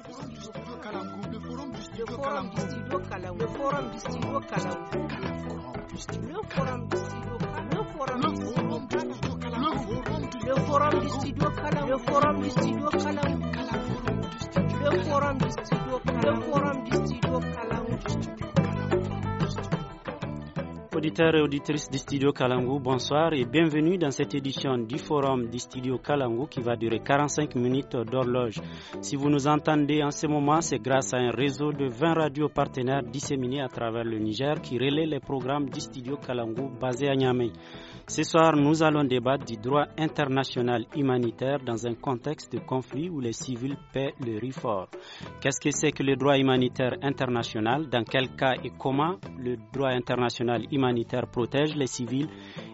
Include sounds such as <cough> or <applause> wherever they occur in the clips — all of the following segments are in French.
le forum du studio le forum du le forum le forum le forum le forum le forum auditeurs et du Studio Kalangou, bonsoir et bienvenue dans cette édition du Forum du Studio Kalangou qui va durer 45 minutes d'horloge. Si vous nous entendez en ce moment, c'est grâce à un réseau de 20 radios partenaires disséminés à travers le Niger qui relaient les programmes du Studio Kalangou basé à Niamey. Ce soir, nous allons débattre du droit international humanitaire dans un contexte de conflit où les civils paient le riz fort. Qu'est-ce que c'est que le droit humanitaire international Dans quel cas et comment le droit international humanitaire protège les civils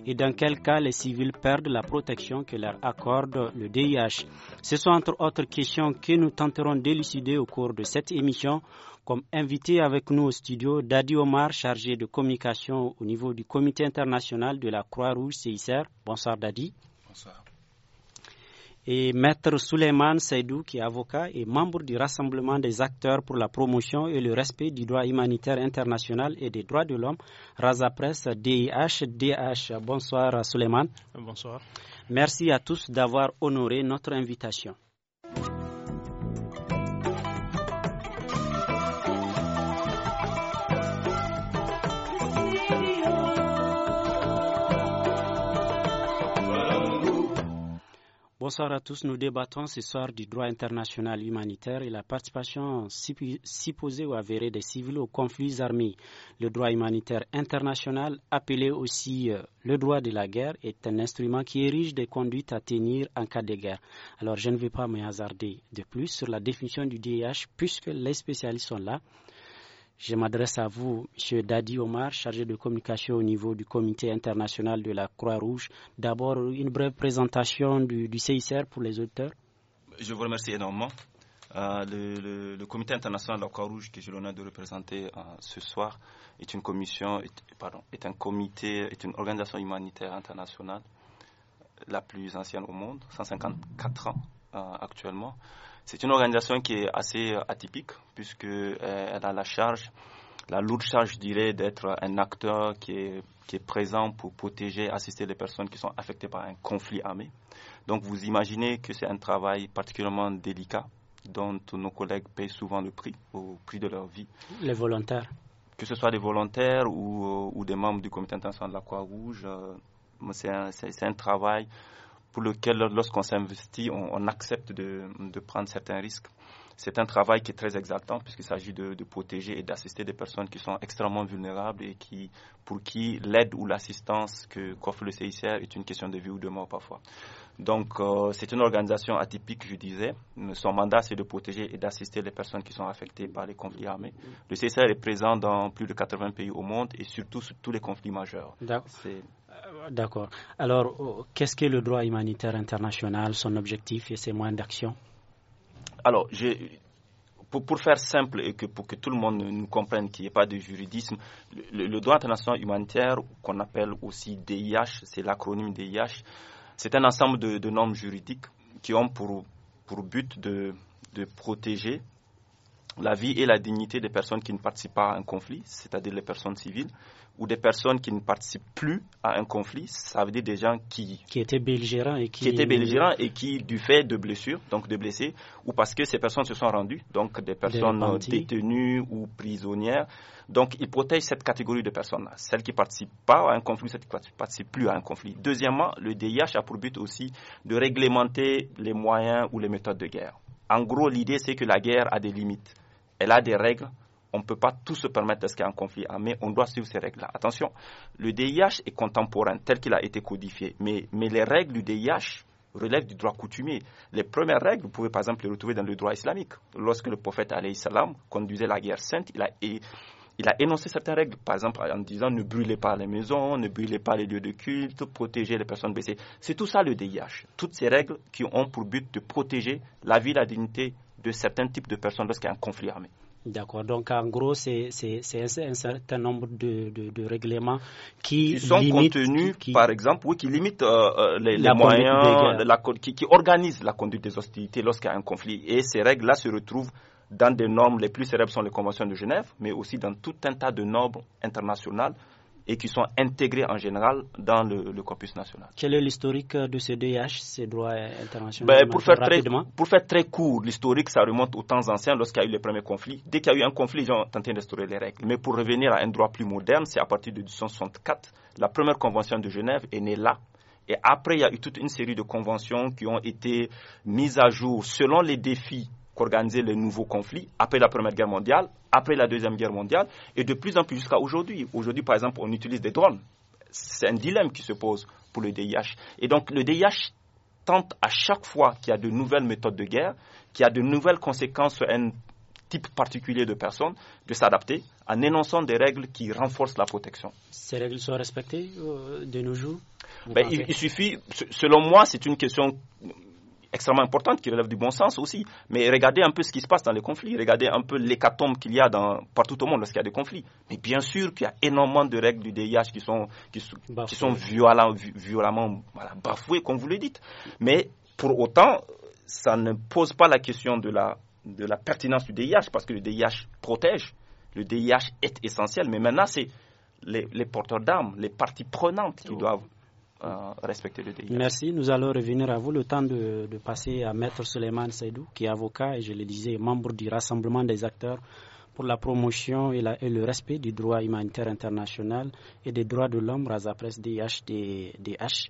et dans quel cas les civils perdent la protection que leur accorde le DIH. Ce sont entre autres questions que nous tenterons d'élucider au cours de cette émission. Comme invité avec nous au studio, Dadi Omar, chargé de communication au niveau du Comité international de la Croix-Rouge CICR. Bonsoir Dadi. Bonsoir et Maître Souleymane Seydou, qui est avocat et membre du Rassemblement des acteurs pour la promotion et le respect du droit humanitaire international et des droits de l'homme, Raza Press, DIH, DH. Bonsoir Souleymane. Bonsoir. Merci à tous d'avoir honoré notre invitation. Bonsoir à tous. Nous débattons ce soir du droit international humanitaire et la participation supposée ou avérée des civils aux conflits armés. Le droit humanitaire international, appelé aussi euh, le droit de la guerre, est un instrument qui érige des conduites à tenir en cas de guerre. Alors je ne vais pas me hasarder de plus sur la définition du DIH puisque les spécialistes sont là. Je m'adresse à vous, M. Dadi Omar, chargé de communication au niveau du Comité international de la Croix-Rouge. D'abord, une brève présentation du, CICR pour les auteurs. Je vous remercie énormément. Euh, le, Comité international de la Croix-Rouge, que j'ai l'honneur de représenter euh, ce soir, est une commission, comité, une organisation humanitaire internationale la plus ancienne au monde, 154 ans euh, actuellement. C'est une organisation qui est assez atypique puisqu'elle euh, a la charge, la lourde charge, je dirais, d'être un acteur qui est, qui est présent pour protéger, assister les personnes qui sont affectées par un conflit armé. Donc vous imaginez que c'est un travail particulièrement délicat dont nos collègues payent souvent le prix, au prix de leur vie. Les volontaires Que ce soit des volontaires ou, ou des membres du comité international de la Croix-Rouge, euh, c'est un, travail pour lequel, lorsqu'on s'investit, on, accepte de, prendre certains risques. C'est un travail qui est très exaltant puisqu'il s'agit de, de, protéger et d'assister des personnes qui sont extrêmement vulnérables et qui, pour qui l'aide ou l'assistance que qu'offre le CICR est une question de vie ou de mort parfois. Donc euh, c'est une organisation atypique, je disais. Son mandat, c'est de protéger et d'assister les personnes qui sont affectées par les conflits armés. Le CICR est présent dans plus de 80 pays au monde et surtout sur tous les conflits majeurs. D'accord. Alors, euh, qu'est-ce que le droit humanitaire international, son objectif et ses moyens d'action Alors, pour, pour, faire simple et que, pour que tout le monde nous comprenne qu'il n'y ait pas de juridisme, le, droit international humanitaire, qu'on appelle aussi DIH, c'est l'acronyme DIH, c'est un ensemble de, normes juridiques qui ont pour, pour but de protéger la vie et la dignité des personnes qui ne participent pas à un conflit, c'est-à-dire les personnes civiles, ou des personnes qui ne participent plus à un conflit, ça veut dire des gens qui qui étaient belligérants et qui, qui étaient belligérants et qui du fait de blessures, donc de blessés, ou parce que ces personnes se sont rendues, donc des personnes détenues ou prisonnières. Donc ils protègent cette catégorie de personnes-là, celles qui participent pas à un conflit, celles qui participent plus à un conflit. Deuxièmement, le DIH a pour but aussi de réglementer les moyens ou les méthodes de guerre. En gros, l'idée c'est que la guerre a des limites, elle a des règles on ne peut pas tout se permettre lorsqu'il y a un conflit armé, on doit suivre ces règles-là. Attention, le DIH est contemporain tel qu'il a été codifié, mais, les règles du DIH relèvent du droit coutumier. Les premières règles, vous pouvez par exemple les retrouver dans le droit islamique. Lorsque le prophète salam conduisait la guerre sainte, il a, il a énoncé certaines règles, par exemple en disant ne brûlez pas les maisons, ne brûlez pas les lieux de culte, protégez les personnes blessées. C'est tout ça le DIH. Toutes ces règles qui ont pour but de protéger la vie, la dignité de certains types de personnes lorsqu'il y a un conflit armé. D'accord. Donc, en gros, c'est un certain nombre de, règlements qui, sont contenus, par exemple, qui limitent euh, euh, les, moyens, qui, qui organisent la conduite des hostilités lorsqu'il y a un conflit. Et ces règles-là se retrouvent dans des normes, les plus célèbres sont les conventions de Genève, mais aussi dans tout un tas de normes internationales et qui sont intégrés en général dans le, corpus national. Quel est l'historique de ces IH, ces droits internationaux ben, pour, faire très, pour, faire très, court, l'historique, ça remonte aux temps anciens lorsqu'il y a eu les premiers conflits. Dès qu'il y a eu un conflit, ils ont tenté d'instaurer les règles. Mais pour revenir à un droit plus moderne, c'est à partir de 1964. la première convention de Genève est née là. Et après, il y a eu toute une série de conventions qui ont été mises à jour selon les défis qu'organiser les nouveaux conflits après la Première Guerre mondiale, après la Deuxième Guerre mondiale, et de plus en plus jusqu'à aujourd'hui. Aujourd'hui, par exemple, on utilise des drones. C'est un dilemme qui se pose pour le DIH. Et donc, le DIH tente à chaque fois qu'il y a de nouvelles méthodes de guerre, qu'il y a de nouvelles conséquences sur un type particulier de personnes, de s'adapter en énonçant des règles qui renforcent la protection. Ces règles sont respectées euh, de nos jours ben, il, suffit, selon moi, c'est une question extrêmement importante qui relève du bon sens aussi. Mais regardez un peu ce qui se passe dans les conflits, regardez un peu l'hécatombe qu'il y a dans, partout au monde lorsqu'il y a des conflits. Mais bien sûr qu'il y a énormément de règles du DIH qui sont, qui, sont violemment bafouées, comme vous le dites. Mais pour autant, ça ne pose pas la question de la, de la pertinence du DIH parce que le DIH protège, le DIH est essentiel. Mais maintenant, c'est les porteurs d'armes, les parties prenantes qui doivent euh, Merci. Nous allons revenir à vous. Le temps de, passer à Maître Suleiman Seydou, qui est avocat et, je le disais, membre du Rassemblement des acteurs pour la promotion et, le respect du droit humanitaire international et des droits de l'homme, DIH. DH.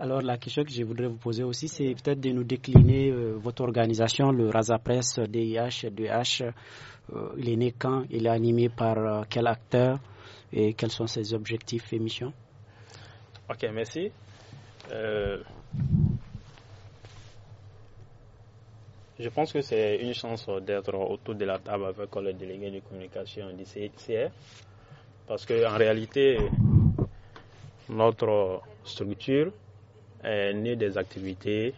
Alors la question que je voudrais vous poser aussi, c'est peut-être de nous décliner euh, votre organisation, le Razapress DIH, DH. Euh, il est né quand Il est animé par quel acteur Et quels sont ses objectifs et missions Ok, merci. Euh, je pense que c'est une chance d'être autour de la table avec les délégués de communication du parce parce qu'en réalité, notre structure est née des activités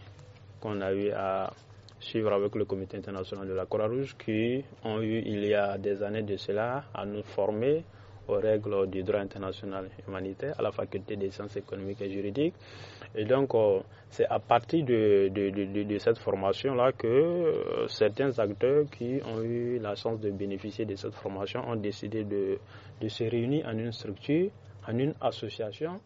qu'on a eu à suivre avec le comité international de la Croix-Rouge qui ont eu il y a des années de cela à nous former aux règles du droit international humanitaire, à la faculté des sciences économiques et juridiques. Et donc, euh, c'est à partir de, cette formation-là que euh, certains acteurs qui ont eu la chance de bénéficier de cette formation ont décidé de, de se réunir en une structure, en une association,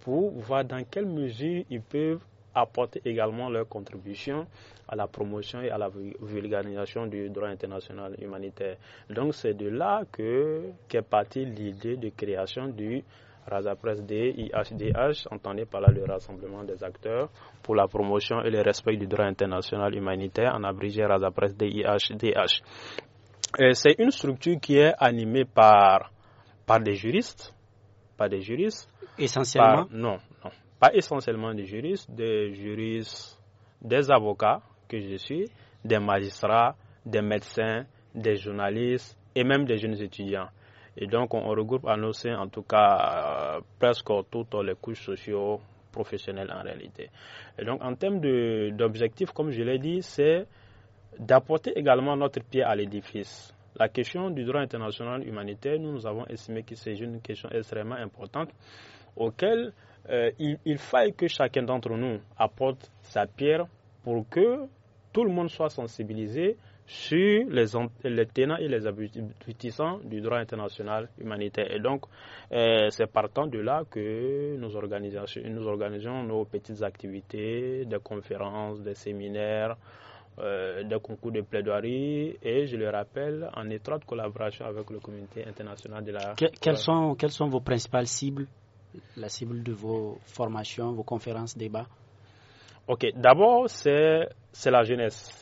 pour voir dans quelle mesure ils peuvent apportent également leur contribution à la promotion et à la vulgarisation du droit international humanitaire. Donc c'est de là que qu'est partie l'idée de création du Razapresse DIHDH, entendez par là le rassemblement des acteurs pour la promotion et le respect du droit international humanitaire, en abrégé Razapresse DIHDH. Euh, c'est une structure qui est animée par, par des juristes, par des juristes. Essentiellement Non, pas essentiellement des juristes, des juristes, des avocats que je suis, des magistrats, des médecins, des journalistes et même des jeunes étudiants. Et donc on, regroupe à nos seins en tout cas euh, presque toutes les couches sociaux professionnelles en réalité. Et donc en termes d'objectifs, comme je l'ai dit, c'est d'apporter également notre pied à l'édifice. La question du droit international humanitaire, nous, nous avons estimé que c'est une question extrêmement importante auquel euh, il, faille que chacun d'entre nous apporte sa pierre pour que tout le monde soit sensibilisé sur les, les, tenants et les aboutissants du droit international humanitaire. Et donc, euh, c'est partant de là que nous, nous organisons nos petites activités, des conférences, des séminaires, euh, des concours de plaidoirie et, je le rappelle, en étroite collaboration avec le comité international de la... sont, quelles sont vos principales cibles la cible de vos formations, vos conférences, débats Ok, d'abord, c'est la jeunesse.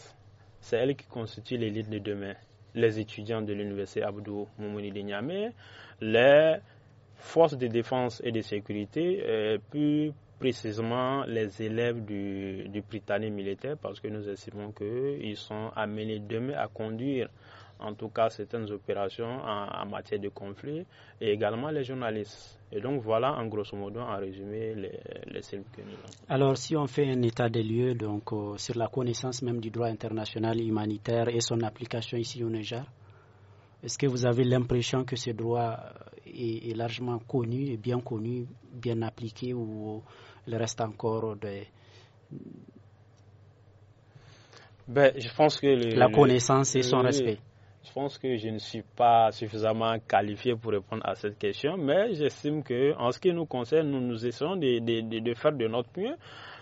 C'est elle qui constitue l'élite de demain. Les étudiants de l'université Abdou Moumouni de les forces de défense et de sécurité, et euh, plus précisément les élèves du, du Britannique militaire, parce que nous estimons qu'ils sont amenés demain à conduire en tout cas certaines opérations en, matière de conflit, et également les journalistes. Et donc voilà en grosso modo en résumé les, les que nous avons. Alors si on fait un état des lieux donc, euh, sur la connaissance même du droit international humanitaire et son application ici au Niger, est-ce que vous avez l'impression que ce droit euh, est, largement connu, et bien connu, bien appliqué ou euh, le reste encore des... Ben, la connaissance et son respect. Je pense que je ne suis pas suffisamment qualifié pour répondre à cette question, mais j'estime que en ce qui nous concerne, nous nous essayons de faire de notre mieux.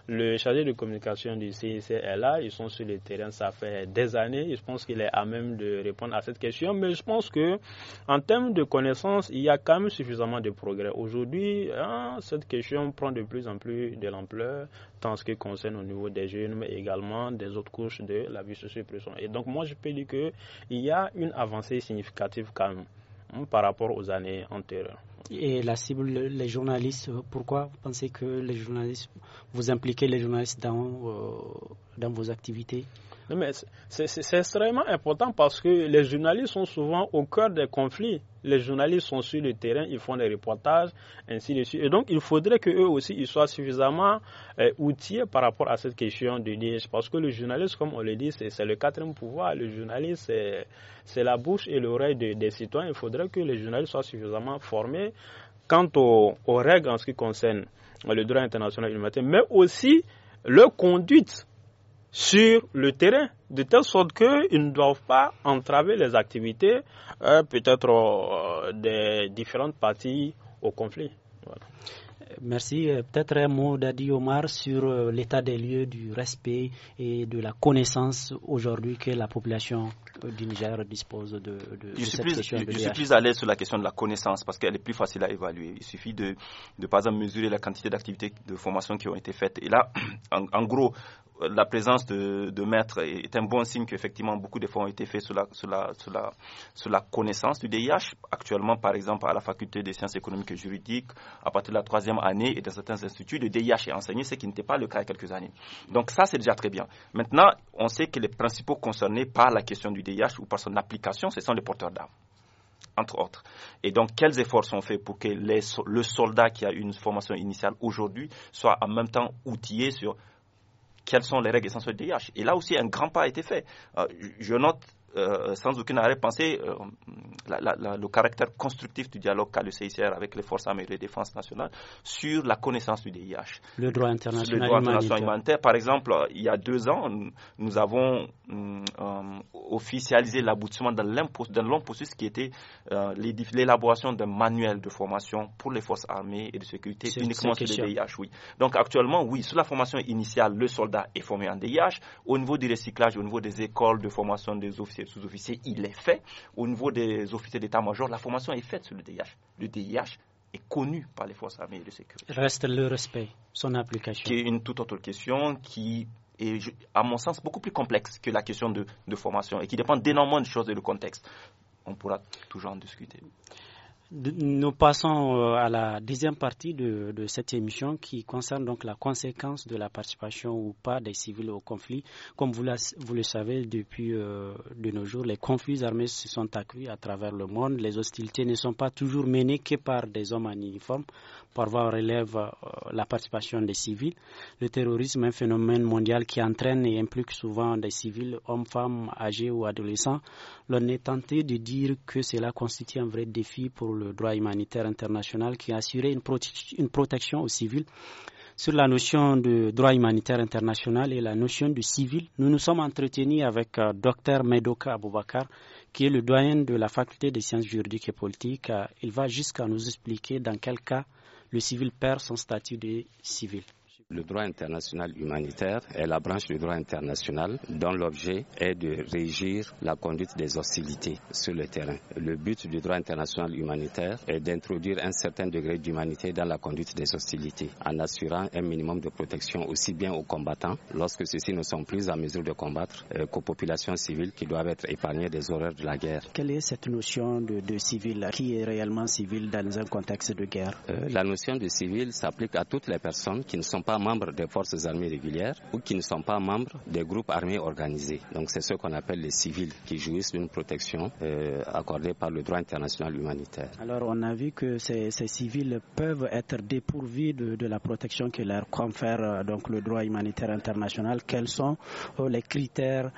Le chargé de communication du CIC est là, ils sont sur le terrain, ça fait des années. Je pense qu'il est à même de répondre à cette question, mais je pense que en termes de connaissances, il y a quand même suffisamment de progrès. Aujourd'hui, hein, cette question prend de plus en plus de l'ampleur, tant ce qui concerne au niveau des jeunes, mais également des autres couches de la vie sociale. Et donc, moi, je peux dire qu'il y a une avancée significative quand même. Hein, par rapport aux années antérieures. Et la cible, les journalistes, pourquoi vous pensez que les journalistes, vous impliquez les journalistes dans, euh, dans vos activités c'est extrêmement important parce que les journalistes sont souvent au cœur des conflits les journalistes sont sur le terrain, ils font des reportages, ainsi de suite. Et donc, il faudrait qu'eux aussi, ils soient suffisamment euh, outillés par rapport à cette question de Liège. Parce que le journaliste, comme on le dit, c'est le quatrième pouvoir. Le journaliste, c'est la bouche et l'oreille des citoyens. Il faudrait que les journalistes soient suffisamment formés quant aux, règles en ce qui concerne le droit international humanitaire, mais aussi leur conduite sur le terrain, de telle sorte qu'ils ne doivent pas entraver les activités euh, peut-être euh, des différentes parties au conflit. Merci. Euh, peut-être un mot d'Adi Omar sur l'état des lieux du respect et de la connaissance aujourd'hui que la population du Niger dispose de, de, cette question. Je, de je suis plus à l'aise sur la question de la connaissance parce qu'elle est plus facile à évaluer. Il suffit de, de par exemple, mesurer la quantité d'activités de formation qui ont été faites. Et là, <clears throat> en gros, la présence de, de maîtres est un bon signe qu'effectivement beaucoup d'efforts ont été faits sur la, sur, la, sur, la, sur la, connaissance du DIH. Actuellement, par exemple, à la faculté des sciences économiques et juridiques, à partir de la troisième année et dans certains instituts, le DIH est enseigné, ce qui n'était pas le cas il y a quelques années. Donc ça, c'est déjà très bien. Maintenant, on sait que les principaux concernés par la question du DIH ou par son application, ce sont les porteurs d'armes entre autres. Et donc, quels efforts sont faits pour que le soldat qui a une formation initiale aujourd'hui soit en même temps outillé sur quelles sont les règles essentielles du DIH. Et là aussi, un grand pas a été fait. Euh, je note euh, sans aucune arrêt penser euh, le caractère constructif du dialogue qu'a le CICR avec les forces armées et les défense nationales sur la connaissance du DIH. Le droit international, le droit humanitaire. Par exemple, euh, il y a deux ans, nous avons mm, officialisé l'aboutissement d'un long processus qui était l'élaboration d'un manuel de formation pour les forces armées et de sécurité uniquement sur le DIH. Oui. Donc actuellement, oui, sur la formation initiale, le soldat est formé en DIH. Au niveau du recyclage, au niveau des écoles de formation des officiers, sous-officiers, il est fait. Au niveau des officiers d'état-major, la formation est faite sur le DIH. Le DIH est connu par les forces armées et de sécurité. Reste le respect, son application. Qui est une toute autre question qui est, à mon sens, beaucoup plus complexe que la question de, de formation et qui dépend d'énormément de choses et de contexte. On pourra toujours en discuter. Nous passons euh, à la deuxième partie de, cette émission qui concerne donc la conséquence de la participation ou pas des civils au conflit. Comme vous, le savez, depuis euh, de nos jours, les conflits armés se sont accrus à travers le monde. Les hostilités ne sont pas toujours menées que par des hommes en uniforme parfois relève euh, la participation des civils. Le terrorisme est un phénomène mondial qui entraîne et implique souvent des civils, hommes, femmes, âgés ou adolescents. L'on est tenté de dire que cela constitue un vrai défi pour le droit humanitaire international qui a une, protection aux civils sur la notion de droit humanitaire international et la notion du civil, nous nous sommes entretenus avec le euh, Dr Medoka Aboubakar, qui est le doyen de la faculté des sciences juridiques et politiques. Euh, il va jusqu'à nous expliquer dans quel cas le civil perd son statut de civil. Le droit international humanitaire est la branche du droit international dont l'objet est de régir la conduite des hostilités sur le terrain. Le but du droit international humanitaire est d'introduire un certain degré d'humanité dans la conduite des hostilités en assurant un minimum de protection aussi bien aux combattants lorsque ceux-ci ne sont plus en mesure de combattre euh, qu'aux populations civiles qui doivent être épargnées des horreurs de la guerre. Quelle est cette notion de, civil Qui est réellement civil dans un contexte de guerre euh, La notion de civil s'applique à toutes les personnes qui ne sont pas membres des forces armées régulières ou qui ne sont pas membres des groupes armés organisés. Donc c'est ce qu'on appelle les civils qui jouissent d'une protection euh, accordée par le droit international humanitaire. Alors on a vu que ces, civils peuvent être dépourvus de, la protection que leur confère euh, donc le droit humanitaire international. Quels sont euh, les critères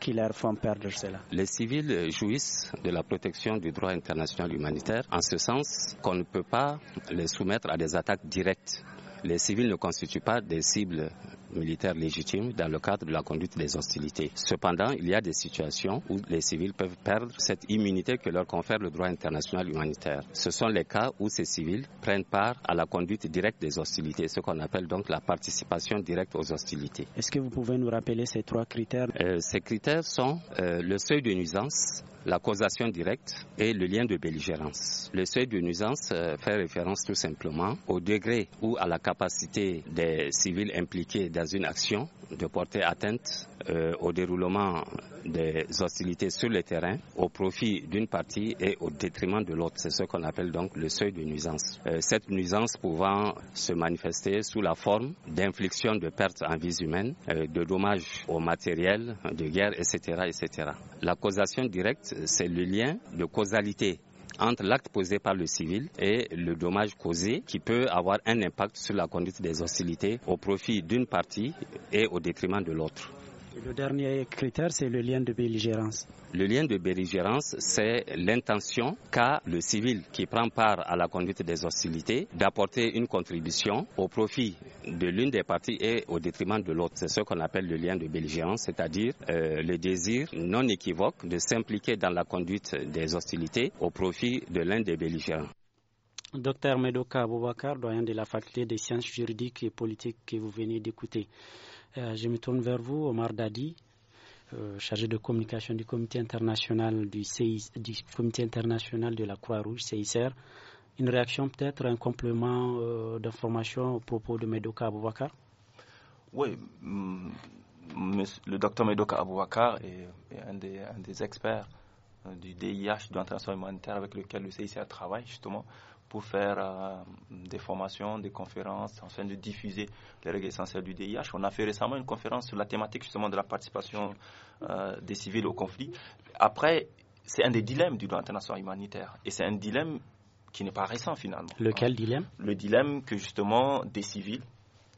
qui leur font perdre cela Les civils jouissent de la protection du droit international humanitaire en ce sens qu'on ne peut pas les soumettre à des attaques directes les civils ne constituent pas des cibles militaire légitime dans le cadre de la conduite des hostilités. Cependant, il y a des situations où les civils peuvent perdre cette immunité que leur confère le droit international humanitaire. Ce sont les cas où ces civils prennent part à la conduite directe des hostilités, ce qu'on appelle donc la participation directe aux hostilités. Est-ce que vous pouvez nous rappeler ces trois critères euh, Ces critères sont euh, le seuil de nuisance, la causation directe et le lien de belligérance. Le seuil de nuisance euh, fait référence tout simplement au degré ou à la capacité des civils impliqués dans une action de porter atteinte euh, au déroulement des hostilités sur le terrain au profit d'une partie et au détriment de l'autre. C'est ce qu'on appelle donc le seuil de nuisance. Euh, cette nuisance pouvant se manifester sous la forme d'infliction de pertes en vies humaines, euh, de dommages au matériel, de guerre, etc., etc. La causation directe, c'est le lien de causalité entre l'acte posé par le civil et le dommage causé qui peut avoir un impact sur la conduite des hostilités au profit d'une partie et au détriment de l'autre. Le dernier critère, c'est le lien de belligérance. Le lien de belligérance, c'est l'intention qu'a le civil qui prend part à la conduite des hostilités d'apporter une contribution au profit de l'une des parties et au détriment de l'autre. C'est ce qu'on appelle le lien de belligérance, c'est-à-dire euh, le désir non équivoque de s'impliquer dans la conduite des hostilités au profit de l'un des belligérants. Docteur Medoka Aboubakar, doyen de la faculté des sciences juridiques et politiques que vous venez d'écouter. Euh, je me tourne vers vous, Omar Dadi, euh, chargé de communication du Comité international du, Comité international de la Croix-Rouge, CICR. Une réaction peut-être, un complément euh, d'information au propos de Medoka Aboubakar Oui, mm, le docteur Medoka Aboubakar est, un, des, experts du DIH, du international humanitaire, avec lequel le CICR travaille justement pour faire euh, des formations, des conférences, afin de diffuser les règles essentielles du DIH. On a fait récemment une conférence sur la thématique justement de la participation euh, des civils au conflit. Après, c'est un des dilemmes du droit international humanitaire. Et c'est un dilemme qui n'est pas récent finalement. Lequel dilemme Le dilemme que justement des civils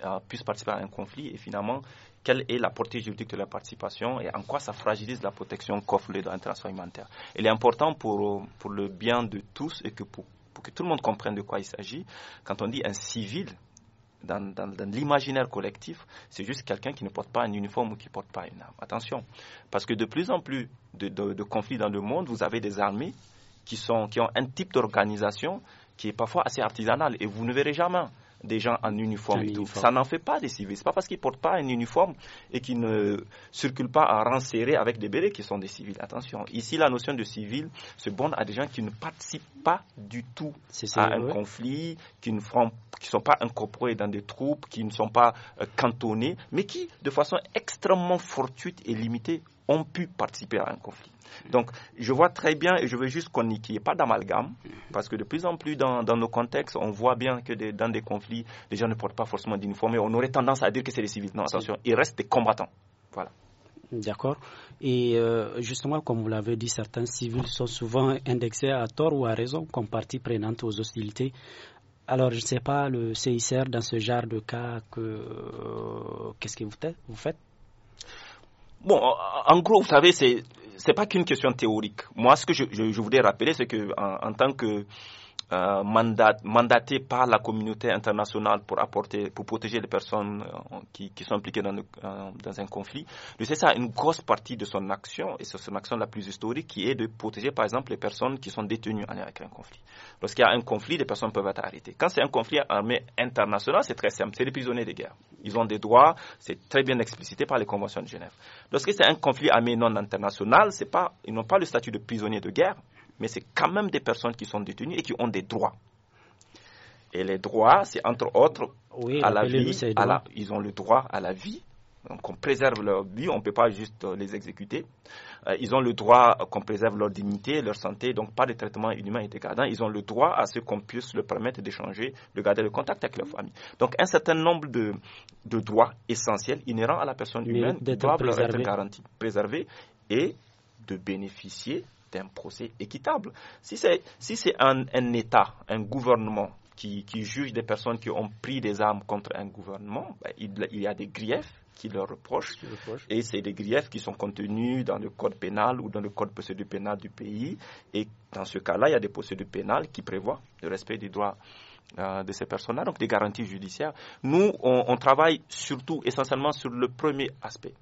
euh, puissent participer à un conflit et finalement quelle est la portée juridique de la participation et en quoi ça fragilise la protection qu'offre le droit international humanitaire. Il est important pour, pour le bien de tous et que pour que tout le monde comprenne de quoi il s'agit, quand on dit un civil, dans, l'imaginaire collectif, c'est juste quelqu'un qui ne porte pas un uniforme ou qui ne porte pas une arme. Attention, parce que de plus en plus de, conflits dans le monde, vous avez des armées qui, qui ont un type d'organisation qui est parfois assez artisanale et vous ne verrez jamais des gens en uniforme Ça n'en fait pas des civils. C'est pas parce qu'ils ne portent pas un uniforme et qu'ils ne circulent pas à rang avec des bérets qui sont des civils. Attention, ici la notion de civil se borne à des gens qui ne participent pas du tout à un conflit, qui ne sont pas incorporés dans des troupes, qui ne sont pas euh, cantonnés, mais qui, de façon extrêmement fortuite et limitée, ont pu participer à un conflit. Donc, je vois très bien, et je veux juste qu'on n'y ait pas d'amalgame, parce que de plus en plus dans, nos contextes, on voit bien que dans des conflits, les gens ne portent pas forcément d'uniforme, et on aurait tendance à dire que c'est des civils. Non, attention, ils restent des combattants. Voilà. D'accord. Et euh, justement, comme vous l'avez dit, certains civils sont souvent indexés à tort ou à raison comme partie prenante aux hostilités. Alors, je ne sais pas, le CICR, dans ce genre de cas, que, euh, qu'est-ce que vous faites Bon, en gros, vous savez, ce n'est pas qu'une question théorique. Moi, ce que je, je, voudrais rappeler, c'est que en, tant que euh, mandat, par la communauté internationale pour apporter, pour protéger les personnes euh, qui, sont impliquées dans, euh, un conflit. Le CSA une grosse partie de son action, et c'est son action la plus historique, qui est de protéger par exemple les personnes qui sont détenues en lien avec un conflit. Lorsqu'il y a un conflit, les personnes peuvent être arrêtées. Quand c'est un conflit armé international, c'est très simple, c'est les prisonniers de guerre. Ils ont des droits, c'est très bien explicité par les conventions de Genève. Lorsque c'est un conflit armé non international, c'est pas, ils n'ont pas le statut de prisonnier de guerre, mais c'est quand même des personnes qui sont détenues et qui ont des droits. Et les droits, c'est entre autres à la vie, ils ont le droit à la vie. Donc on préserve leur vie, on ne peut pas juste euh, les exécuter. Euh, ils ont le droit qu'on préserve leur dignité, leur santé, donc pas de traitement inhumain et dégradant. Ils ont le droit à ce qu'on puisse leur permettre d'échanger, de garder le contact avec leur mm-hmm. famille. Donc un certain nombre de, de droits essentiels inhérents à la personne humaine doivent leur être garantis, préservés et de bénéficier un procès équitable. Si c'est si un, un État, un gouvernement qui, qui, juge des personnes qui ont pris des armes contre un gouvernement, ben, il, y a des griefs qui leur reprochent. Et c'est des griefs qui sont contenus dans le code pénal ou dans le code procédure pénale du pays. Et dans ce cas-là, il y a des procédures pénales qui prévoient le respect des droits euh, de ces personnes-là, donc des garanties judiciaires. Nous, on, on travaille surtout, essentiellement, sur le premier aspect,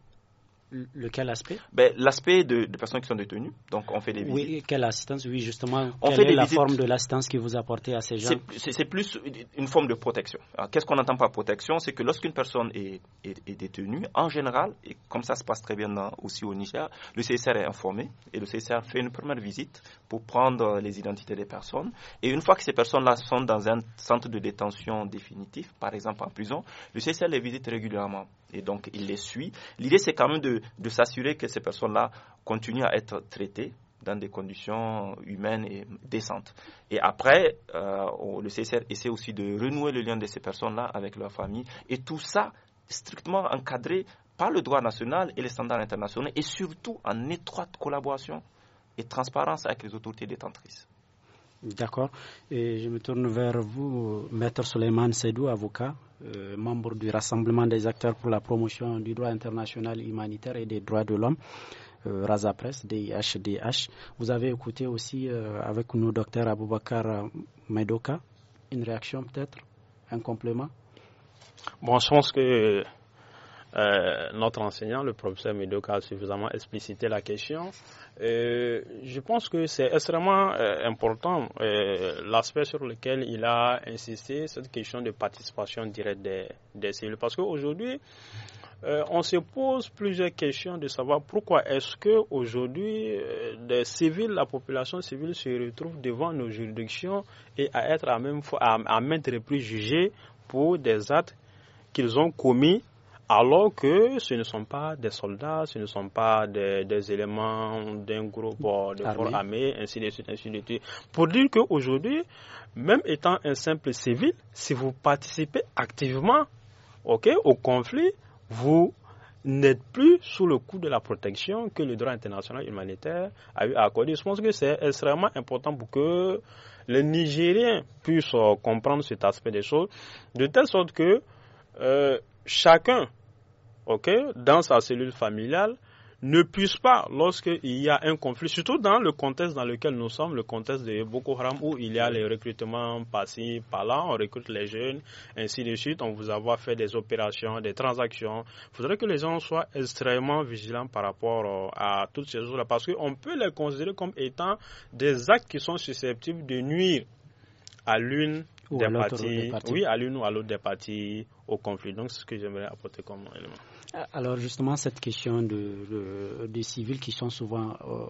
Lequel aspect ben, L'aspect de, personnes qui sont détenues. Donc, on fait des visites. Oui, quelle assistance Oui, justement. On quelle fait est la forme de l'assistance que vous apportez à ces gens C'est plus une forme de protection. Qu'est-ce qu'on entend par protection C'est que lorsqu'une personne est, détenue, en général, et comme ça se passe très bien aussi au Niger, le CSR est informé et le CSR fait une première visite pour prendre les identités des personnes. Et une fois que ces personnes-là sont dans un centre de détention définitif, par exemple en prison, le CSR les visite régulièrement et donc il les suit. L'idée, c'est quand même de, s'assurer que ces personnes-là continuent à être traitées dans des conditions humaines et décentes. Et après, euh, le CSR essaie aussi de renouer le lien de ces personnes-là avec leur famille. Et tout ça, strictement encadré par le droit national et les standards internationaux, et surtout en étroite collaboration et transparence avec les autorités détentrices. D'accord. Et je me tourne vers vous, Maître Soleiman Sedou, avocat, euh, membre du Rassemblement des acteurs pour la promotion du droit international humanitaire et des droits de l'homme. Euh, Raza DIHDH. Vous avez écouté aussi euh, avec nous docteur Aboubakar Medoka. Une réaction peut-être Un complément Bon, je pense que notre enseignant, le professeur Medoka, a suffisamment explicité la question je pense que c'est extrêmement euh, important euh, l'aspect sur lequel il a insisté, cette question de participation directe des, civils. Parce qu'aujourd'hui, euh, on se pose plusieurs questions de savoir pourquoi est-ce que aujourd'hui des civils, la population civile se retrouve devant nos juridictions et à être à même à, à maintes pour des actes qu'ils ont commis alors que ce ne sont pas des soldats, ce ne sont pas des, des éléments d'un groupe de forces armé, ainsi de suite, ainsi de suite. Pour dire qu'aujourd'hui, même étant un simple civil, si vous participez activement ok, au conflit, vous n'êtes plus sous le coup de la protection que le droit international humanitaire a eu à accorder. Je pense que c'est extrêmement important pour que les Nigériens puissent euh, comprendre cet aspect des choses, de telle sorte que euh, chacun dans sa cellule familiale, ne puisse pas, lorsqu'il y a un conflit, surtout dans le contexte dans lequel nous sommes, le contexte de Boko Haram, où il y a les recrutements passés par-là, on recrute les jeunes, ainsi de suite, on vous avoir fait des opérations, des transactions. Il faudrait que les gens soient extrêmement vigilants par rapport euh, à toutes ces choses-là, parce qu'on peut les considérer comme étant des actes qui sont susceptibles de nuire à l'une parties, oui, à l'une ou à l'autre des parties au conflit. Donc, c'est ce que j'aimerais apporter comme élément. Alors justement, cette question de, des civils qui sont souvent euh,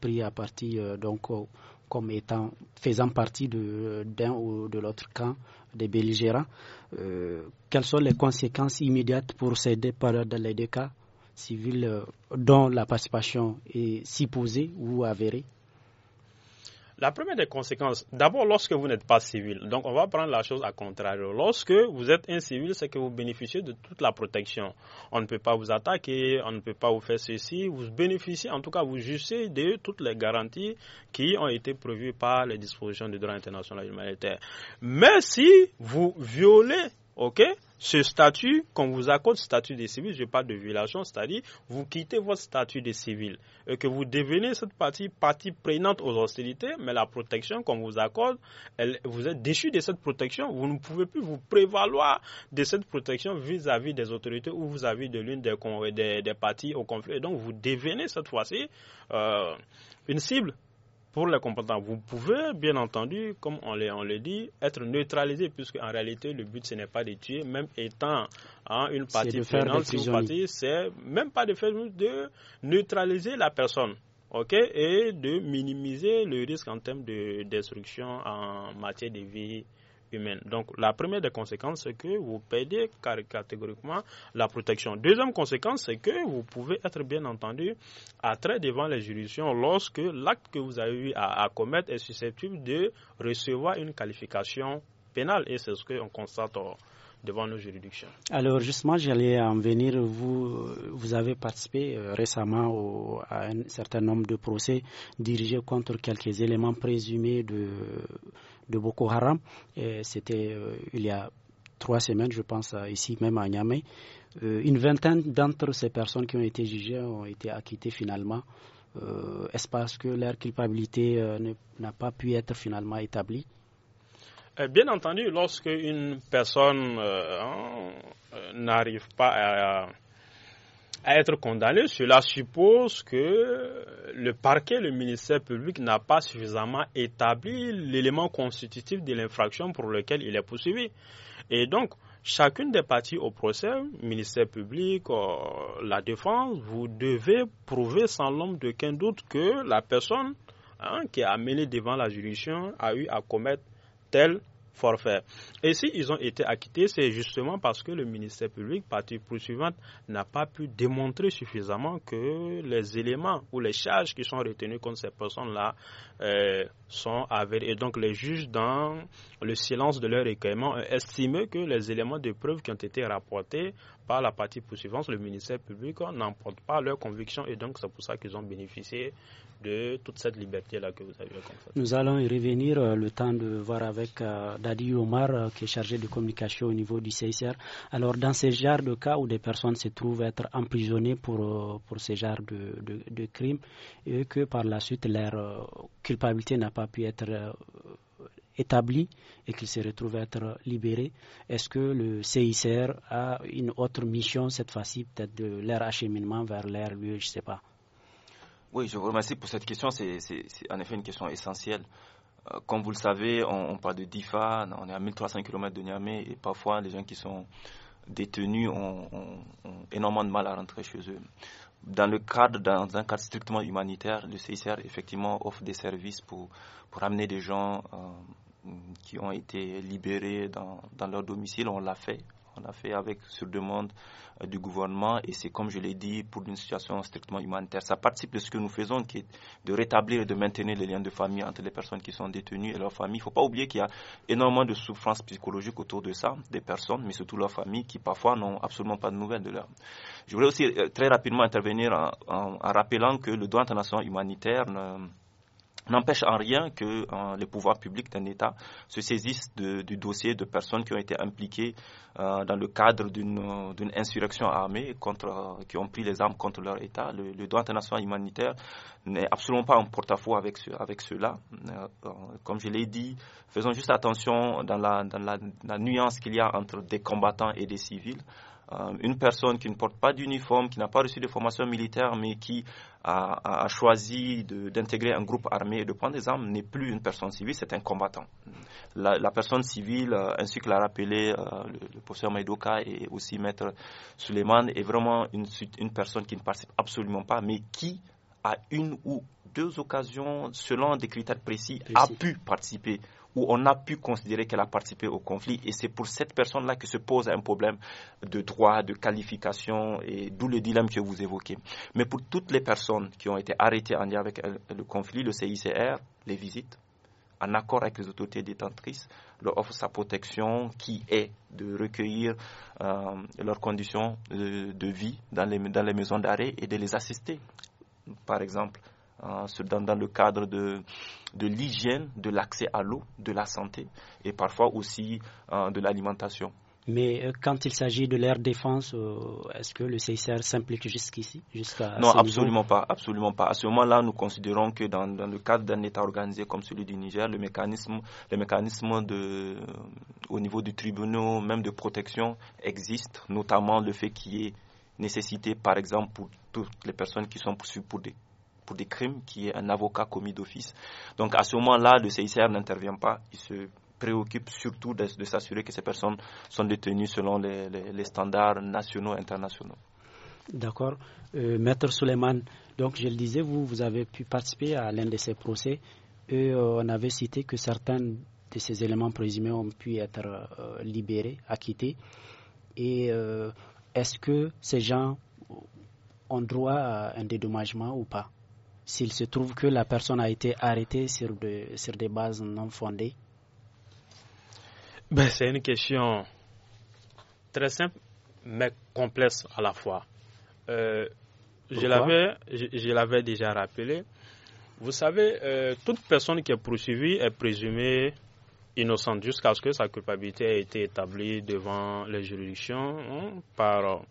pris à partie, euh, donc euh, comme étant faisant partie de d'un ou de l'autre camp des belligérants, quelles sont les conséquences immédiates pour ces départs dans les deux cas civils dont la participation est supposée ou avérée la première des conséquences, d'abord lorsque vous n'êtes pas civil, donc on va prendre la chose à contrario. Lorsque vous êtes un civil, c'est que vous bénéficiez de toute la protection. On ne peut pas vous attaquer, on ne peut pas vous faire ceci. Vous bénéficiez, en tout cas, vous jouissez de toutes les garanties qui ont été prévues par les dispositions du droit international humanitaire. Mais si vous violez, ok, ce statut qu'on vous accorde, statut de civil, je parle de violation, c'est-à-dire vous quittez votre statut de civil et que vous devenez cette partie, partie prenante aux hostilités, mais la protection qu'on vous accorde, vous êtes déchu de cette protection, vous ne pouvez plus vous prévaloir de cette protection vis-à-vis des autorités ou vis-à-vis de l'une des, des, parties au conflit. Et donc vous devenez cette fois-ci euh, une cible pour les combattants, vous pouvez, bien entendu, comme on le, on le dit, être neutralisé, puisque en réalité, le but, ce n'est pas de tuer, même étant hein, une partie financière c'est même pas de faire de neutraliser la personne. OK, et de minimiser le risque en termes de destruction en matière de vie donc la première des conséquences, c'est que vous payez catégoriquement la protection. Deuxième conséquence, c'est que vous pouvez être bien entendu à trait devant les juridictions lorsque l'acte que vous avez eu à, commettre est susceptible de recevoir une qualification pénale. Et c'est ce qu'on constate oh, devant nos juridictions. Alors justement, j'allais en venir. Vous, vous avez participé euh, récemment à un certain nombre de procès dirigés contre quelques éléments présumés de de Boko Haram. C'était euh, il y a trois semaines, je pense, euh, ici même à Niamey. Euh, une vingtaine d'entre ces personnes qui ont été jugées ont été acquittées finalement. Est-ce parce que leur culpabilité n'a pas pu être finalement établie Bien entendu, lorsque une personne hein, n'arrive pas à, à être condamné, cela suppose que le parquet, le ministère public n'a pas suffisamment établi l'élément constitutif de l'infraction pour lequel il est poursuivi. Et donc, chacune des parties au procès, ministère public, euh, la défense, vous devez prouver sans l'ombre de qu'un doute que la personne hein, qui est amenée devant la juridiction a eu à commettre telle et s'ils ils ont été acquittés, c'est justement parce que le ministère public, partie poursuivante, n'a pas pu démontrer suffisamment que les éléments ou les charges qui sont retenues contre ces personnes-là euh, sont avérés. Et donc, les juges, dans le silence de leur recueillement, ont euh, estimé que les éléments de preuve qui ont été rapportés par la partie poursuivante, le ministère public, euh, n'emportent pas leur conviction. Et donc, c'est pour ça qu'ils ont bénéficié de toute cette liberté-là que vous avez Nous allons y revenir, euh, le temps de voir avec Dadi Omar, qui est chargé de communication au niveau du CICR. Alors, dans ces genres de cas où des personnes se trouvent être emprisonnées pour, pour ces genres de, de, de crimes, et que par la suite leur culpabilité n'a pas pu être euh, établi et qu'il se retrouve à être libéré. Est-ce que le CICR a une autre mission cette fois-ci, peut-être de l'air acheminement vers l'air lieu, je ne sais pas Oui, je vous remercie pour cette question. C'est en effet une question essentielle. Euh, comme vous le savez, on, parle de DIFA, on est à 1300 km de Niamey et parfois les gens qui sont détenus ont énormément de mal à rentrer chez eux dans le cadre, dans un cadre strictement humanitaire, le CICR effectivement offre des services pour, amener des gens euh, qui ont été libérés dans leur domicile. On l'a fait on a fait avec sur demande euh, du gouvernement et c'est comme je l'ai dit pour une situation strictement humanitaire. Ça participe de ce que nous faisons qui est de rétablir et de maintenir les liens de famille entre les personnes qui sont détenues et leurs familles. Il ne faut pas oublier qu'il y a énormément de souffrances psychologiques autour de ça, des personnes, mais surtout leurs familles qui parfois n'ont absolument pas de nouvelles de leur. Je voulais aussi euh, très rapidement intervenir en, en, en, rappelant que le droit international humanitaire n'empêche en rien que euh, les pouvoirs publics d'un État se saisissent du dossier de personnes qui ont été impliquées euh, dans le cadre d'une euh, insurrection armée contre, qui ont pris les armes contre leur État. Le, droit international humanitaire n'est absolument pas en porte-à-faux avec, avec cela. comme je l'ai dit, faisons juste attention dans la nuance qu'il y a entre des combattants et des civils. Euh, une personne qui ne porte pas d'uniforme, qui n'a pas reçu de formation militaire, mais qui a, choisi d'intégrer un groupe armé et de prendre des armes, n'est plus une personne civile, c'est un combattant. La, personne civile, euh, ainsi que l'a rappelé euh, le, professeur Maïdoka et aussi maître Suleiman, est vraiment une, personne qui ne participe absolument pas, mais qui, à une ou deux occasions, selon des critères précis. a pu participer où on a pu considérer qu'elle a participé au conflit. Et c'est pour cette personne-là que se pose un problème de droit, de qualification, et d'où le dilemme que vous évoquez. Mais pour toutes les personnes qui ont été arrêtées en lien avec euh, le conflit, le CICR les visite, en accord avec les autorités détentrices, leur offre sa protection qui est de recueillir euh, leurs conditions de, vie dans les maisons d'arrêt et de les assister par exemple, Hein, dans, le cadre de, l'hygiène, de l'accès à l'eau, de la santé et parfois aussi hein, de l'alimentation. Mais euh, quand il s'agit de l'air défense, euh, est-ce que le CICR s'implique jusqu'ici Non, absolument pas, absolument À ce moment-là, nous considérons que dans, le cadre d'un État organisé comme celui du Niger, le mécanisme, au niveau du tribunal, même de protection, existe, notamment le fait qu'il y ait nécessité, par exemple, pour toutes les personnes qui sont poursuivies pour des pour des crimes qui est un avocat commis d'office. Donc à ce moment-là, le CICR n'intervient pas, il se préoccupe surtout de, s'assurer que ces personnes sont détenues selon les, standards nationaux et internationaux. D'accord. Euh, Maître donc je le disais, vous, avez pu participer à l'un de ces procès et euh, on avait cité que certains de ces éléments présumés ont pu être euh, libérés, acquittés. Et est-ce que ces gens ont droit à un dédommagement ou pas s'il se trouve que la personne a été arrêtée sur, des bases non fondées ben, C'est une question très simple, mais complexe à la fois. Euh, je l'avais déjà rappelé. Vous savez, euh, toute personne qui est poursuivie est présumée innocente jusqu'à ce que sa culpabilité ait été établie devant les juridictions hein, par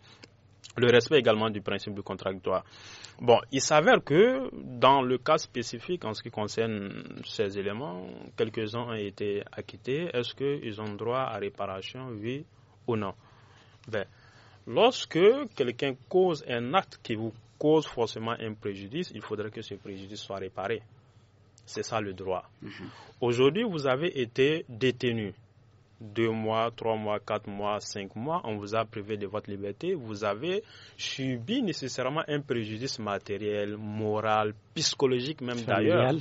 le respect également du principe du contractoire. Bon, il s'avère que dans le cas spécifique en ce qui concerne ces éléments, quelques-uns ont été acquittés. Est-ce qu'ils ont droit à réparation, oui ou non ben, Lorsque quelqu'un cause un acte qui vous cause forcément un préjudice, il faudrait que ce préjudice soit réparé. C'est ça le droit. Mhm. Aujourd'hui, vous avez été détenu deux mois, trois mois, quatre mois, cinq mois, on vous a privé de votre liberté, vous avez subi nécessairement un préjudice matériel, moral, psychologique même d'ailleurs.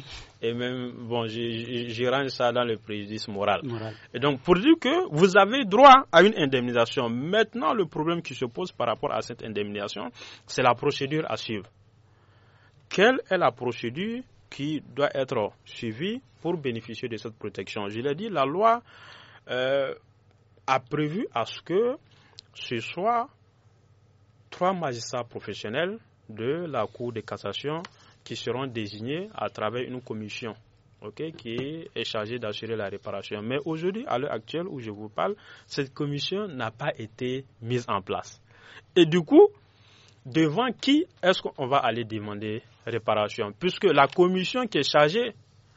Et même, bon, je, ça dans le préjudice moral. moral. Et donc, pour dire que vous avez droit à une indemnisation. Maintenant, le problème qui se pose par rapport à cette indemnisation, c'est la procédure à suivre. Quelle est la procédure qui doit être suivie pour bénéficier de cette protection Je l'ai dit, la loi euh, a prévu à ce que ce soit trois magistrats professionnels de la Cour de cassation qui seront désignés à travers une commission qui est chargée d'assurer la réparation. Mais aujourd'hui, à l'heure actuelle où je vous parle, cette commission n'a pas été mise en place. Et du coup, devant qui est-ce qu'on va aller demander réparation Puisque la commission qui est chargée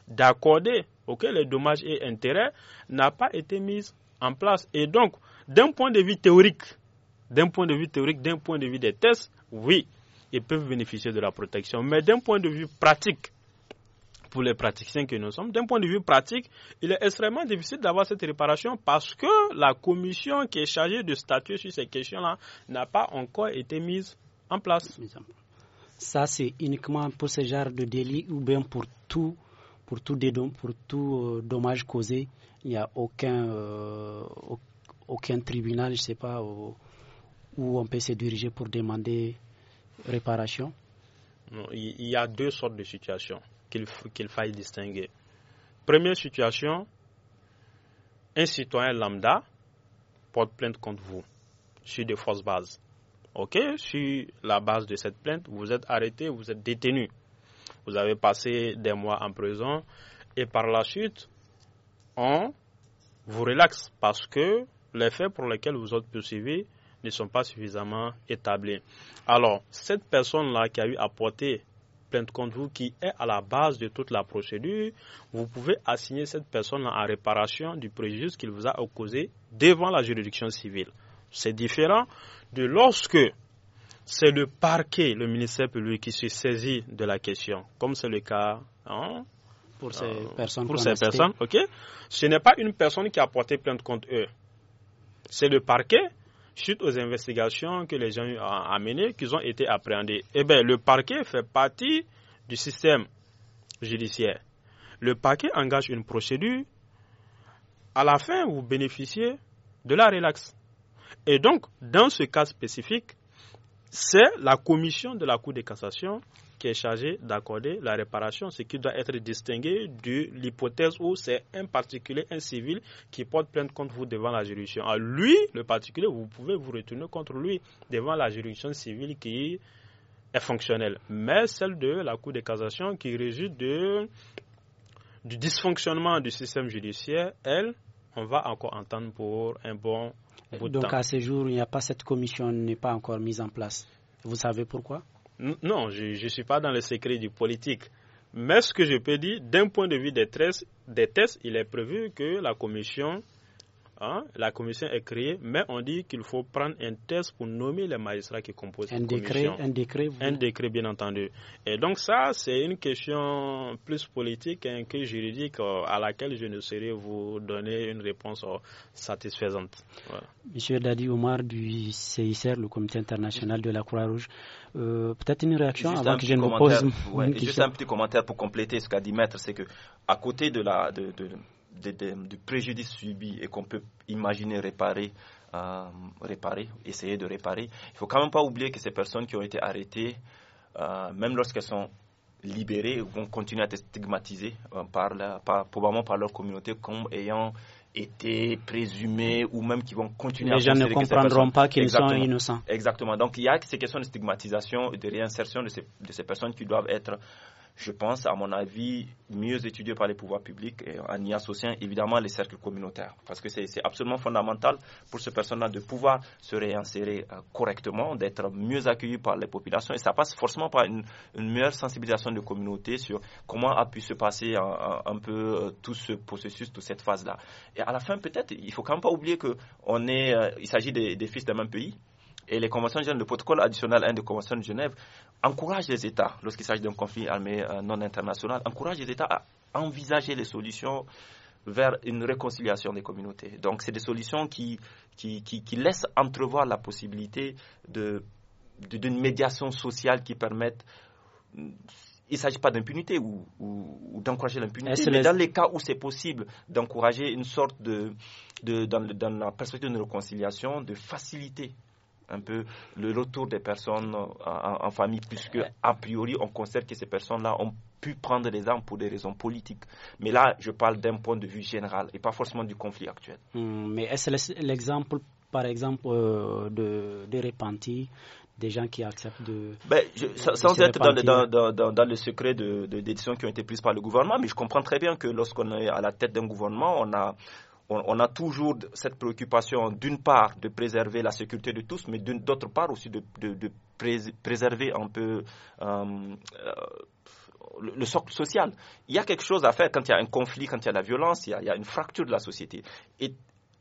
d'accorder auquel les dommages et intérêts n'a pas été mise en place. Et donc, d'un point de vue théorique, d'un point de vue théorique, d'un point de vue des tests, oui, ils peuvent bénéficier de la protection. Mais d'un point de vue pratique, pour les praticiens que nous sommes, d'un point de vue pratique, il est extrêmement difficile d'avoir cette réparation parce que la commission qui est chargée de statuer sur ces questions-là n'a pas encore été mise en place. Ça, c'est uniquement pour ce genre de délit ou bien pour tout pour tout, euh, dommage causé, il n'y a euh, aucun, tribunal, je ne sais pas, où, on peut se diriger pour demander réparation Il y a deux sortes de situations qu'il qu'il faille distinguer. Première situation, un citoyen lambda porte plainte contre vous sur des fausses bases. Ok, sur la base de cette plainte, vous êtes arrêté, vous êtes détenu. Vous avez passé des mois en prison et par la suite, on vous relaxe parce que les faits pour lesquels vous êtes poursuivi ne sont pas suffisamment établis. Alors, cette personne-là qui a eu à porter plainte contre vous, qui est à la base de toute la procédure, vous pouvez assigner cette personne-là en réparation du préjudice qu'il vous a causé devant la juridiction civile. C'est différent de lorsque c'est le parquet, le ministère public qui se saisit de la question, comme c'est le cas hein, pour ces euh, personnes. Ce n'est pas une personne qui a porté plainte contre eux. C'est le parquet, suite aux investigations que les gens ont amenées, qu'ils ont été appréhendés. Eh bien, le parquet fait partie du système judiciaire. Le parquet engage une procédure. À la fin, vous bénéficiez de la relaxe. Et donc, dans ce cas spécifique, c'est la commission de la Cour de cassation qui est chargée d'accorder la réparation, ce qui doit être distingué de l'hypothèse où c'est un particulier, un civil qui porte plainte contre vous devant la juridiction. À lui, le particulier, vous pouvez vous retourner contre lui devant la juridiction civile qui est fonctionnelle, mais celle de la Cour de cassation qui résulte du dysfonctionnement du système judiciaire, elle, on va encore entendre pour un bon bout Donc temps. Donc à ce jour, il n'y a pas cette commission n'est pas encore mise en place. Vous savez pourquoi Non, je ne suis pas dans le secret du politique. Mais ce que je peux dire, d'un point de vue des, tests, des tests, il est prévu que la commission Hein? la commission est créée, mais on dit qu'il faut prendre un test pour nommer les magistrats qui composent un décret, commission. Un décret, décret, bien entendu. Et donc ça, c'est une question plus politique hein, que juridique euh, à laquelle je ne saurais vous donner une réponse euh, satisfaisante. Monsieur Dadi Omar du CICR, le Comité international de la Croix-Rouge, euh, peut-être une réaction avant que je ne pose. juste un petit commentaire pour compléter ce qu'a dit Maître, c'est que à côté de la de, du préjudice subi et qu'on peut imaginer réparer, euh, réparer, essayer de réparer, il ne faut quand même pas oublier que ces personnes qui ont été arrêtées, euh, même lorsqu'elles sont libérées, vont continuer à être stigmatisées euh, probablement par leur communauté comme ayant été présumées ou même qui vont continuer Les à gens ne comprendront pas qu'ils sont innocents. Exactement. Donc il y a ces questions de stigmatisation et de réinsertion de ces personnes qui doivent être je pense, à mon avis, mieux étudié par les pouvoirs publics et en y associant évidemment les cercles communautaires. Parce que c'est absolument fondamental pour ce personnes-là de pouvoir se réinsérer euh, correctement, d'être mieux accueilli par les populations. Et ça passe forcément par une, meilleure sensibilisation de communauté sur comment a pu se passer euh, euh, un, peu tout ce processus, toute cette phase-là. Et à la fin, peut-être, il ne faut quand même pas oublier que est, il s'agit des, des fils d'un même pays et les conventions le protocole additionnel 1 des conventions de Genève encourage les États, lorsqu'il s'agit d'un conflit armé euh, non international, encourage les États à envisager les solutions vers une réconciliation des communautés. Donc c'est des solutions qui, qui, laissent entrevoir la possibilité d'une médiation sociale qui permette euh, il ne s'agit pas d'impunité ou, ou, d'encourager l'impunité, mais dans les cas où c'est possible d'encourager une sorte de, dans, la perspective de réconciliation, de faciliter un peu le retour des personnes euh, en, famille, puisque a priori on constate que ces personnes-là ont pu prendre les armes pour des raisons politiques. Mais là, je parle d'un point de vue général et pas forcément du conflit actuel. Hmm, mais est-ce l'exemple, par exemple, euh, des de, de des gens qui acceptent de. Ben, sans être dans, le secret de, décisions qui ont été prises par le gouvernement, mais je comprends très bien que lorsqu'on est à la tête d'un gouvernement, on a on, a toujours cette préoccupation, d'une part, de préserver la sécurité de tous, mais d'autre part aussi de, préserver un peu euh, euh, le socle social. Il y a quelque chose à faire quand il y a un conflit, quand il y a de la violence, il y a, une fracture de la société. Et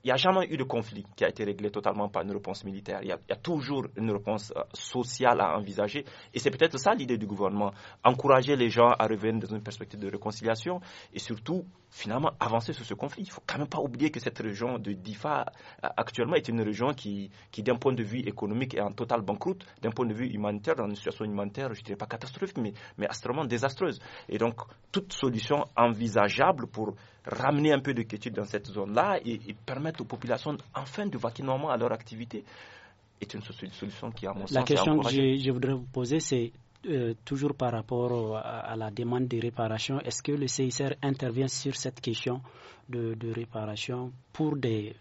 il n'y a jamais eu de conflit qui a été réglé totalement par une réponse militaire. Il y a, il y a toujours une réponse euh, sociale à envisager. Et c'est peut-être ça l'idée du gouvernement. Encourager les gens à revenir dans une perspective de réconciliation et surtout finalement avancer sur ce conflit. Il ne faut quand même pas oublier que cette région de Difa euh, actuellement est une région qui, qui d'un point de vue économique, est en totale banqueroute, d'un point de vue humanitaire, dans une situation humanitaire, je ne dirais pas catastrophique, mais, mais extrêmement désastreuse. Et donc, toute solution envisageable pour ramener un peu de quiétude dans cette zone-là et, permettre aux populations enfin de vaquer normalement à leur activité est une solution qui, à mon La question que je voudrais vous poser, c'est euh, toujours par rapport à, la demande de réparation, est-ce que le CICR intervient sur cette question de, réparation pour des,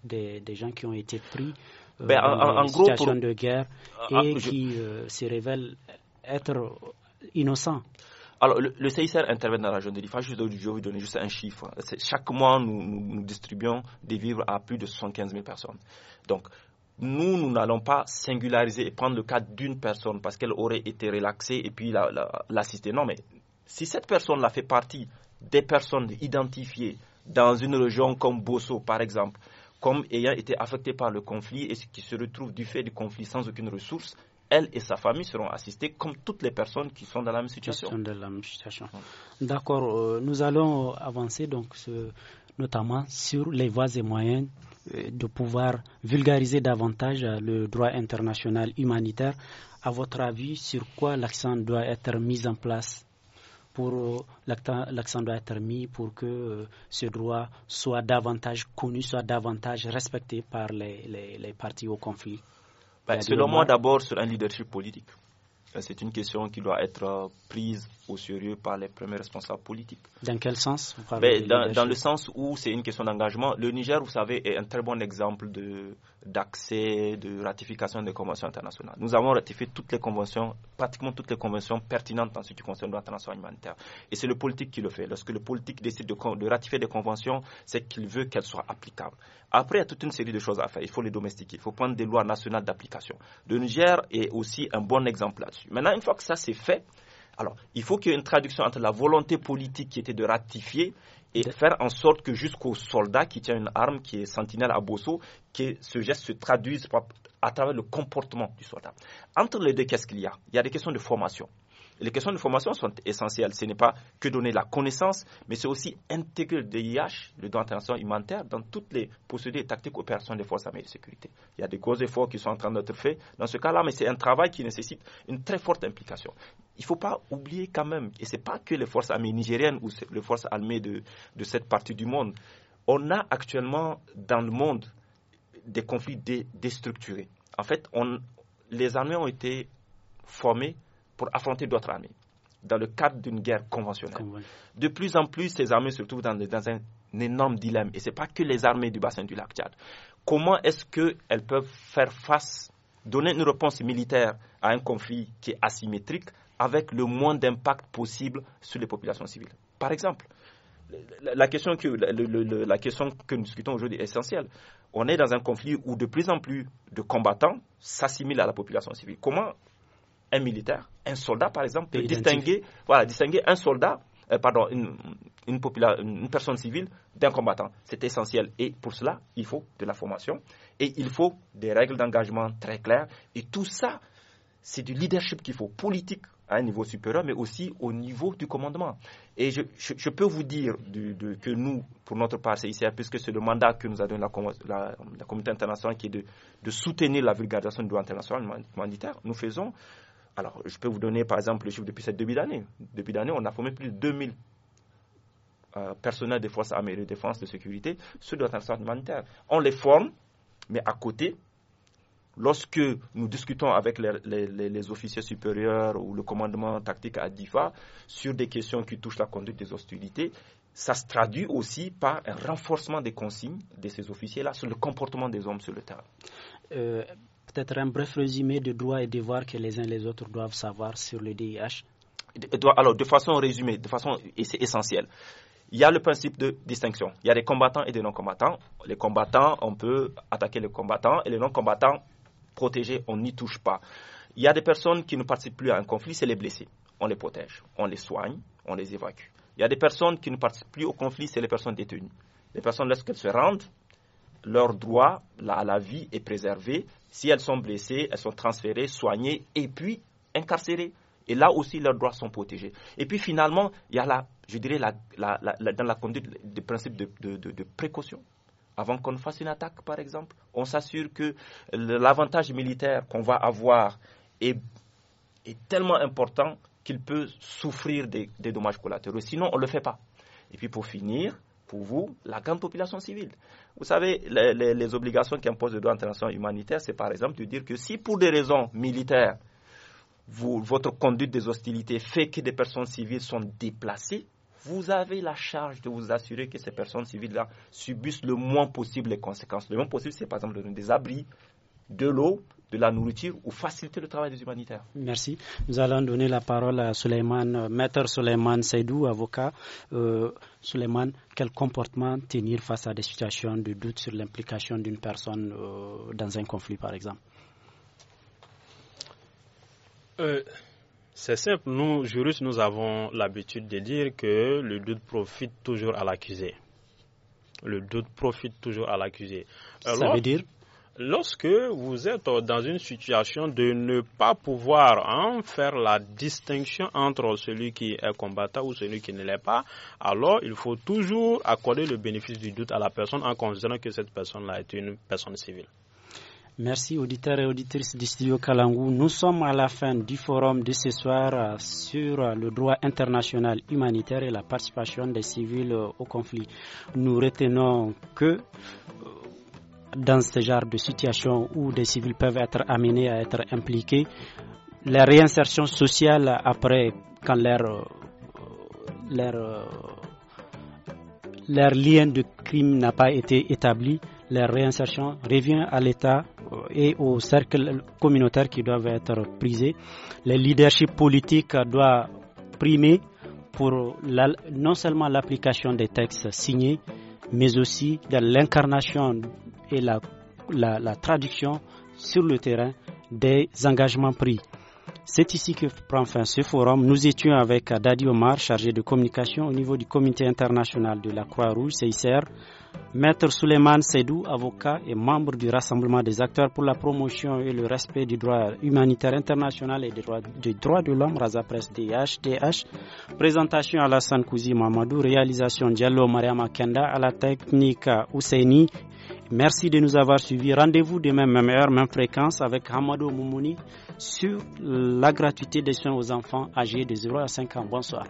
gens qui ont été pris euh, ben, en, situation de guerre ah, et ah, qui euh, se révèlent être innocents alors, le, CICR intervient dans la région de l'IFA. Je, vais vous donner juste un chiffre. Chaque mois, nous, nous, distribuons des vivres à plus de 75 000 personnes. Donc, nous, nous n'allons pas singulariser et prendre le cas d'une personne parce qu'elle aurait été relaxée et puis l'assister. non, mais si cette personne-là fait partie des personnes identifiées dans une région comme Bosso, par exemple, comme ayant été affectée par le conflit et qui se retrouve du fait du conflit sans aucune ressource, elle et sa famille seront assistées comme toutes les personnes qui sont dans la même situation. D'accord, euh, nous allons avancer. Donc, ce, notamment sur les voies et moyens euh, de pouvoir vulgariser davantage euh, le droit international humanitaire. À votre avis, sur quoi l'accent doit être mis en place pour euh, l'accent doit être mis pour que ce droit soit davantage connu, soit davantage respecté par les, les, parties au conflit ben, Selon moi, d'abord sur un leadership politique. Ben, c'est une question qui doit être prise au sérieux par les premiers responsables politiques. Dans quel sens ben, dans, le sens où c'est une question d'engagement. Le Niger, vous savez, est un très bon exemple d'accès, de, ratification des conventions internationales. Nous avons ratifié toutes les conventions, pratiquement toutes les conventions pertinentes en ce qui concerne la transition humanitaire. Et c'est le politique qui le fait. Lorsque le politique décide de, de ratifier des conventions, c'est qu'il veut qu'elles soient applicables. Après, il y a toute une série de choses à faire. Il faut les domestiquer. Il faut prendre des lois nationales d'application. Le Niger est aussi un bon exemple là-dessus. Maintenant, une fois que ça c'est fait, alors, il faut qu'il y ait une traduction entre la volonté politique qui était de ratifier et de faire en sorte que jusqu'au soldat qui tient une arme, qui est sentinelle à Bosso, que ce geste se traduise à travers le comportement du soldat. Entre les deux, qu'est-ce qu'il y a Il y a des questions de formation. Les questions de formation sont essentielles. Ce n'est pas que donner la connaissance, mais c'est aussi intégrer le DIH, le droit d'intervention humanitaire, dans toutes les procédures et tactiques opérations des forces armées de sécurité. Il y a de gros efforts qui sont en train d'être faits dans ce cas-là, mais c'est un travail qui nécessite une très forte implication. Il ne faut pas oublier quand même, et ce n'est pas que les forces armées nigériennes ou les forces armées de, de cette partie du monde, on a actuellement dans le monde des conflits déstructurés. En fait, les armées ont été formées pour affronter d'autres armées dans le cadre d'une guerre conventionnelle. De plus en plus, ces armées se trouvent dans, un, énorme dilemme. Et ce n'est pas que les armées du bassin du lac Tchad. Comment est-ce qu'elles peuvent faire face, donner une réponse militaire à un conflit qui est asymétrique avec le moins d'impact possible sur les populations civiles Par exemple, la question que, la question que nous discutons aujourd'hui est essentielle. On est dans un conflit où de plus en plus de combattants s'assimilent à la population civile. Comment un militaire, un soldat par exemple, peut distinguer, un soldat, euh, pardon, une, une, personne civile d'un combattant. C'est essentiel. Et pour cela, il faut de la formation et il faut des règles d'engagement très claires. Et tout ça, c'est du leadership qu'il faut, politique à un niveau supérieur, mais aussi au niveau du commandement. Et je, peux vous dire que nous, pour notre part, c'est ici, puisque c'est le mandat que nous a donné la, la, communauté internationale qui est de, de soutenir la vulgarisation du droit international humanitaire, nous faisons alors, je peux vous donner par exemple le chiffre depuis cette début d'année. Depuis d'année, on a formé plus de 2000 euh, personnels des forces armées de défense de sécurité sur le humanitaire. On les forme, mais à côté, lorsque nous discutons avec les, officiers supérieurs ou le commandement tactique à DIFA sur des questions qui touchent la conduite des hostilités, ça se traduit aussi par un renforcement des consignes de ces officiers-là sur le comportement des hommes sur le terrain. Euh, peut-être un bref résumé de droits et devoirs que les uns et les autres doivent savoir sur le DIH Alors, de façon résumée, de façon c'est essentiel. Il y a le principe de distinction. Il y a des combattants et des non-combattants. Les combattants, on peut attaquer les combattants et les non-combattants, protégés, on n'y touche pas. Il y a des personnes qui ne participent plus à un conflit, c'est les blessés. On les protège, on les soigne, on les évacue. Il y a des personnes qui ne participent plus au conflit, c'est les personnes détenues. Les personnes, lorsqu'elles se rendent leur droit à la vie est préservé. Si elles sont blessées, elles sont transférées, soignées et puis incarcérées. Et là aussi, leurs droits sont protégés. Et puis finalement, il y a la, je dirais, la, dans la conduite des principes de, de, précaution. Avant qu'on fasse une attaque, par exemple, on s'assure que l'avantage militaire qu'on va avoir est, tellement important qu'il peut souffrir des, des dommages collatéraux. Sinon, on ne le fait pas. Et puis pour finir, pour vous la grande population civile. Vous savez, les, obligations qui obligations qu'impose le droit international humanitaire, c'est par exemple de dire que si pour des raisons militaires, votre conduite des hostilités fait que des personnes civiles sont déplacées, vous avez la charge de vous assurer que ces personnes civiles-là subissent le moins possible les conséquences. Le moins possible, c'est par exemple de des abris, de l'eau, la nourriture ou faciliter le travail des humanitaires. Merci. Nous allons donner la parole à Souleymane, euh, maître Suleiman Seydou, avocat. Euh, quel comportement tenir face à des situations de doute sur l'implication d'une personne euh, dans un conflit, par exemple euh, C'est simple. Nous, juristes, nous avons l'habitude de dire que le doute profite toujours à l'accusé. Le doute profite toujours à l'accusé. Ça veut dire lorsque vous êtes dans une situation de ne pas pouvoir en hein, faire la distinction entre celui qui est combattant ou celui qui ne l'est pas, alors il faut toujours accorder le bénéfice du doute à la personne en considérant que cette personne-là est une personne civile. Merci auditeurs et auditrices du studio Kalangou. Nous sommes à la fin du forum de ce soir euh, sur euh, le droit international humanitaire et la participation des civils euh, au conflit. Nous retenons que dans ce genre de situation où des civils peuvent être amenés à être impliqués, la réinsertion sociale après, quand leur, euh, euh, lien de crime n'a pas été établi, la réinsertion revient à l'État euh, et aux cercles communautaires qui doivent être prisés. Le leadership politique doit primer pour non seulement l'application des textes signés, mais aussi de l'incarnation et la, traduction sur le terrain des engagements pris. C'est ici que prend fin ce forum. Nous étions avec Dadi Omar, chargé de communication au niveau du Comité international de la Croix-Rouge, CICR, Maître Souleymane Sedou, avocat et membre du Rassemblement des acteurs pour la promotion et le respect du droit humanitaire international et des droits, de l'homme, Presse DHTH. Présentation à la Sankouzi Mamadou, réalisation Diallo Mariama Kenda, à la technique Ousseini Merci de nous avoir suivis. Rendez-vous demain, même heure, même fréquence avec Hamadou Moumouni sur la gratuité des soins aux enfants âgés de 0 à 5 ans. Bonsoir.